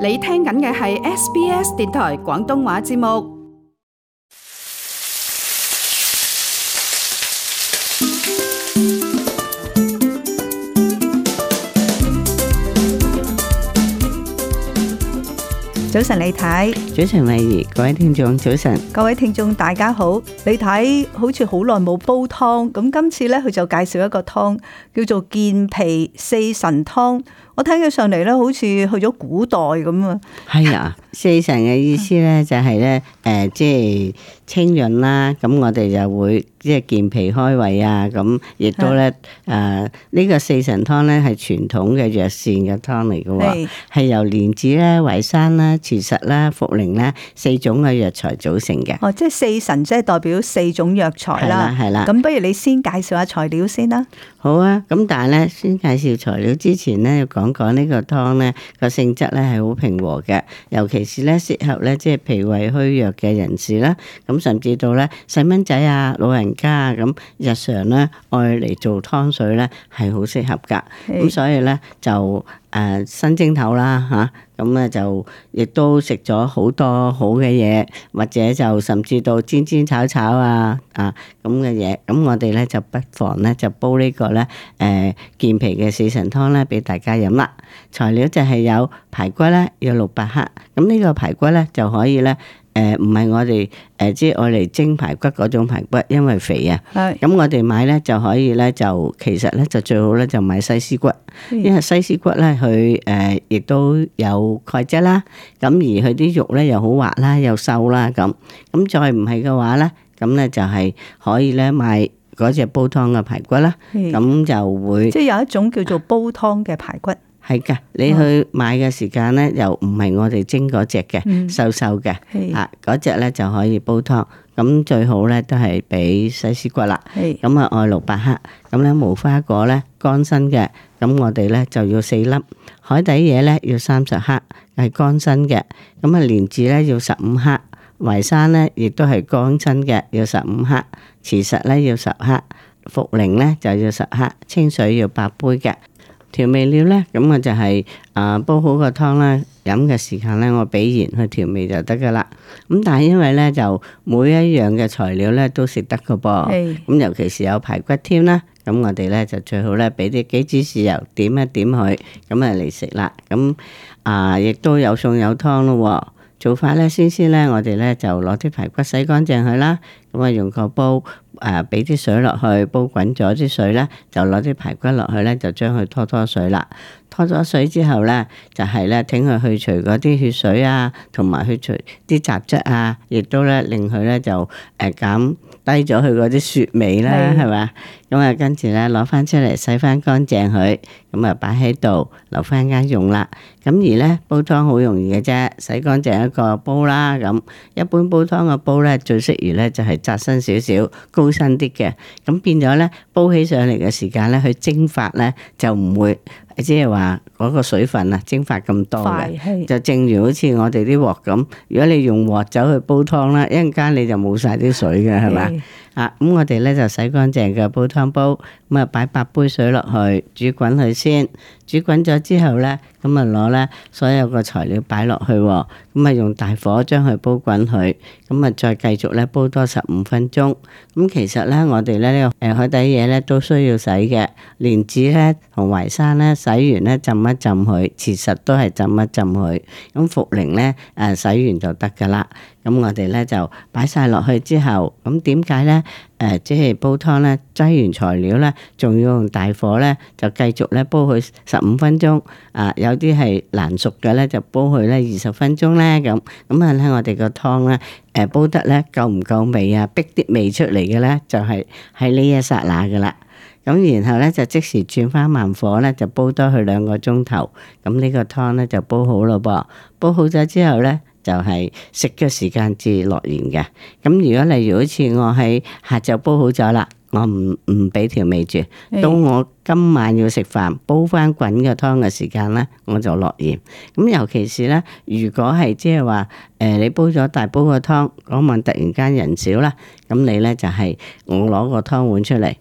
你聽緊嘅係 SBS 電台廣東話節目。早晨李太，早晨麗儀，各位聽眾早晨，各位聽眾大家好。你睇，好似好耐冇煲湯，咁今次咧佢就介紹一個湯，叫做健脾四神湯。我聽佢上嚟咧，好似去咗古代咁啊！係啊，四神嘅意思咧就係、是、咧，誒、 呃，即係清潤啦。咁我哋就會即係健脾開胃啊。咁亦都咧，誒、 呃，呢、這個四神湯咧係傳統嘅藥膳嘅湯嚟嘅，係係是由蓮子啦、淮山啦、芡實啦、茯苓啦四種嘅藥材組成嘅。哦，即係四神即係代表四種藥材啦，係啦。咁不如你先介紹下材料先啦。好啊，咁但係咧，先介紹材料之前咧要講。講講呢個湯咧個性質咧係好平和嘅，尤其是咧適合咧即係脾胃虛弱嘅人士啦，咁甚至到咧細蚊仔啊、老人家啊，咁日常咧愛嚟做湯水咧係好適合噶，咁是所以咧就。誒、啊、新正頭啦嚇，咁、啊、咧就亦都食咗好多好嘅嘢，或者就甚至到煎煎炒炒啊啊咁嘅嘢，咁、啊、我哋咧就不妨咧就煲個呢個咧誒健脾嘅四神湯咧俾大家飲啦。材料就係有排骨咧，有六百克，咁呢個排骨咧就可以咧。誒唔係我哋誒即係我哋蒸排骨嗰種排骨，因為肥啊。係是。咁我哋買咧就可以咧，就其實咧就最好咧就買西施骨，因為西施骨咧佢誒亦都有鈣質啦。咁而佢啲肉咧又好滑啦，又瘦啦咁。咁再唔係嘅話咧，咁咧就係可以咧買嗰隻煲湯嘅排骨啦。咁是就會即係有一種叫做煲湯嘅排骨。係噶，你去買嘅時間咧，又唔係我哋蒸嗰隻嘅瘦瘦嘅嚇嗰隻咧就可以煲湯。咁最好咧都係俾西施骨啦。咁啊的，愛六百克。咁咧，無花果咧乾身嘅，咁我哋咧就要四粒，海底椰咧要三十克係乾身嘅。咁啊，蓮子咧要十五克，淮山咧亦都係乾身嘅要十五克，芡實咧要十克，茯苓咧就要十克，清水要八杯嘅。調味料呢，咁我就係啊煲好個湯啦，飲嘅時間呢，我俾鹽去調味就得噶啦。咁但係因為呢，就每一樣嘅材料呢都食得㗎噃，咁 Hey. 尤其是有排骨添啦，咁我哋呢，就最好呢俾啲幾枝豉油點一點佢，咁啊嚟食啦。咁啊亦都有餸有湯咯喎。做法呢，先先呢，我哋呢就攞啲排骨洗乾淨佢啦。咁啊，用個煲，誒俾啲水落去，煲滾咗啲水咧，就攞啲排骨落去咧，就將佢拖拖水啦。拖咗水之後咧，就係咧，請佢去除嗰啲血水啊，同埋去除啲雜質啊，亦都咧令佢咧就誒減、呃、低咗佢嗰啲雪味啦，係嘛的？咁啊、嗯，跟住咧攞翻出嚟洗翻乾淨佢，咁啊擺喺度留翻間用啦。咁而咧煲湯好容易嘅啫，洗乾淨一個煲啦。咁一般煲湯個煲咧最適宜咧就係、是。窄身少少，高身啲嘅，咁變咗呢，煲起上嚟嘅時間呢，去蒸發呢就唔會。即係話嗰個水分啊蒸發咁多嘅，就正如好似我哋啲鑊咁。如果你用鑊走去煲湯啦，一陣間你就冇晒啲水嘅，係咪？是啊咁、嗯、我哋咧就洗乾淨嘅煲湯煲，咁啊擺八杯水落去煮滾佢先。煮滾咗之後咧，咁啊攞咧所有嘅材料擺落去，咁、嗯、啊、嗯、用大火將佢煲滾佢，咁、嗯、啊再繼續咧煲多十五分鐘。咁、嗯、其實咧我哋咧呢、呢個誒海底嘢咧都需要洗嘅，蓮子咧同淮山咧。洗完咧浸一浸佢，其實都係浸一浸佢。咁茯苓咧，誒、啊、洗完就得噶啦。咁我哋咧就擺晒落去之後，咁點解咧？誒、啊、即係煲湯咧，擠完材料咧，仲要用大火咧，就繼續咧煲佢十五分鐘。啊，有啲係難熟嘅咧，就煲佢咧二十分鐘咧咁。咁啊咧，我哋個湯咧，誒煲得咧夠唔夠味啊？逼啲味出嚟嘅咧，就係喺呢一剎那嘅啦。咁然後咧就即時轉翻慢火咧，就煲多佢兩個鐘頭。咁呢個湯咧就煲好咯噃。煲好咗之後咧，就係食嘅時間至落鹽嘅。咁如果例如好似我喺下晝煲好咗啦，我唔唔俾調味住。到我今晚要食飯，煲翻滾嘅湯嘅時間咧，我就落鹽。咁尤其是咧，如果係即係話誒，你煲咗大煲個湯，嗰晚突然間人少啦，咁你咧就係、是、我攞個湯碗出嚟。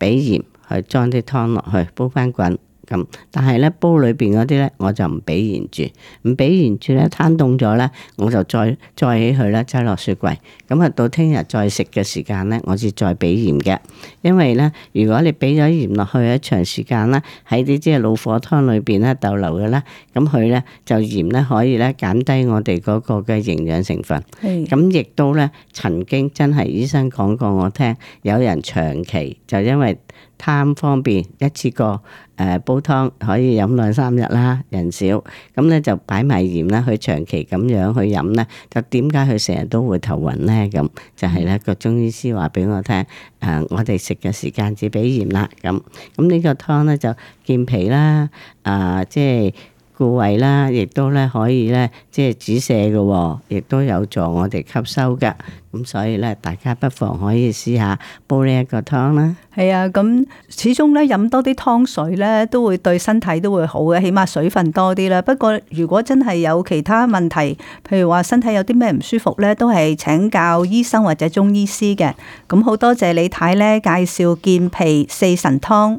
俾鹽去裝啲湯落去，煲翻滾。咁，但係咧煲裏邊嗰啲咧，我就唔俾鹽住，唔俾鹽住咧，攤凍咗咧，我就再再起佢咧，擠落雪櫃。咁啊，到聽日再食嘅時間咧，我就再俾鹽嘅。因為咧，如果你俾咗鹽落去啊，一長時間咧，喺啲即係老火湯裏邊咧逗留嘅咧，咁佢咧就鹽咧可以咧減低我哋嗰個嘅營養成分。咁亦是都咧，曾經真係醫生講過我聽，有人長期就因為。貪方便一次過誒煲湯可以飲兩三日啦，人少咁咧就擺埋鹽啦，佢長期咁樣去飲咧，就點解佢成日都會頭暈咧？咁就係咧，個中醫師話俾我聽誒、啊，我哋食嘅時間只俾鹽啦，咁咁呢個湯咧就健脾啦，啊即係。穴位啦，亦都咧可以咧，即係止瀉嘅，亦都有助我哋吸收嘅。咁所以咧，大家不妨可以試下煲呢一個湯啦。係啊，咁始終咧飲多啲湯水咧，都會對身體都會好嘅，起碼水分多啲啦。不過如果真係有其他問題，譬如話身體有啲咩唔舒服咧，都係請教醫生或者中醫師嘅。咁好多謝李太咧介紹健脾四神湯。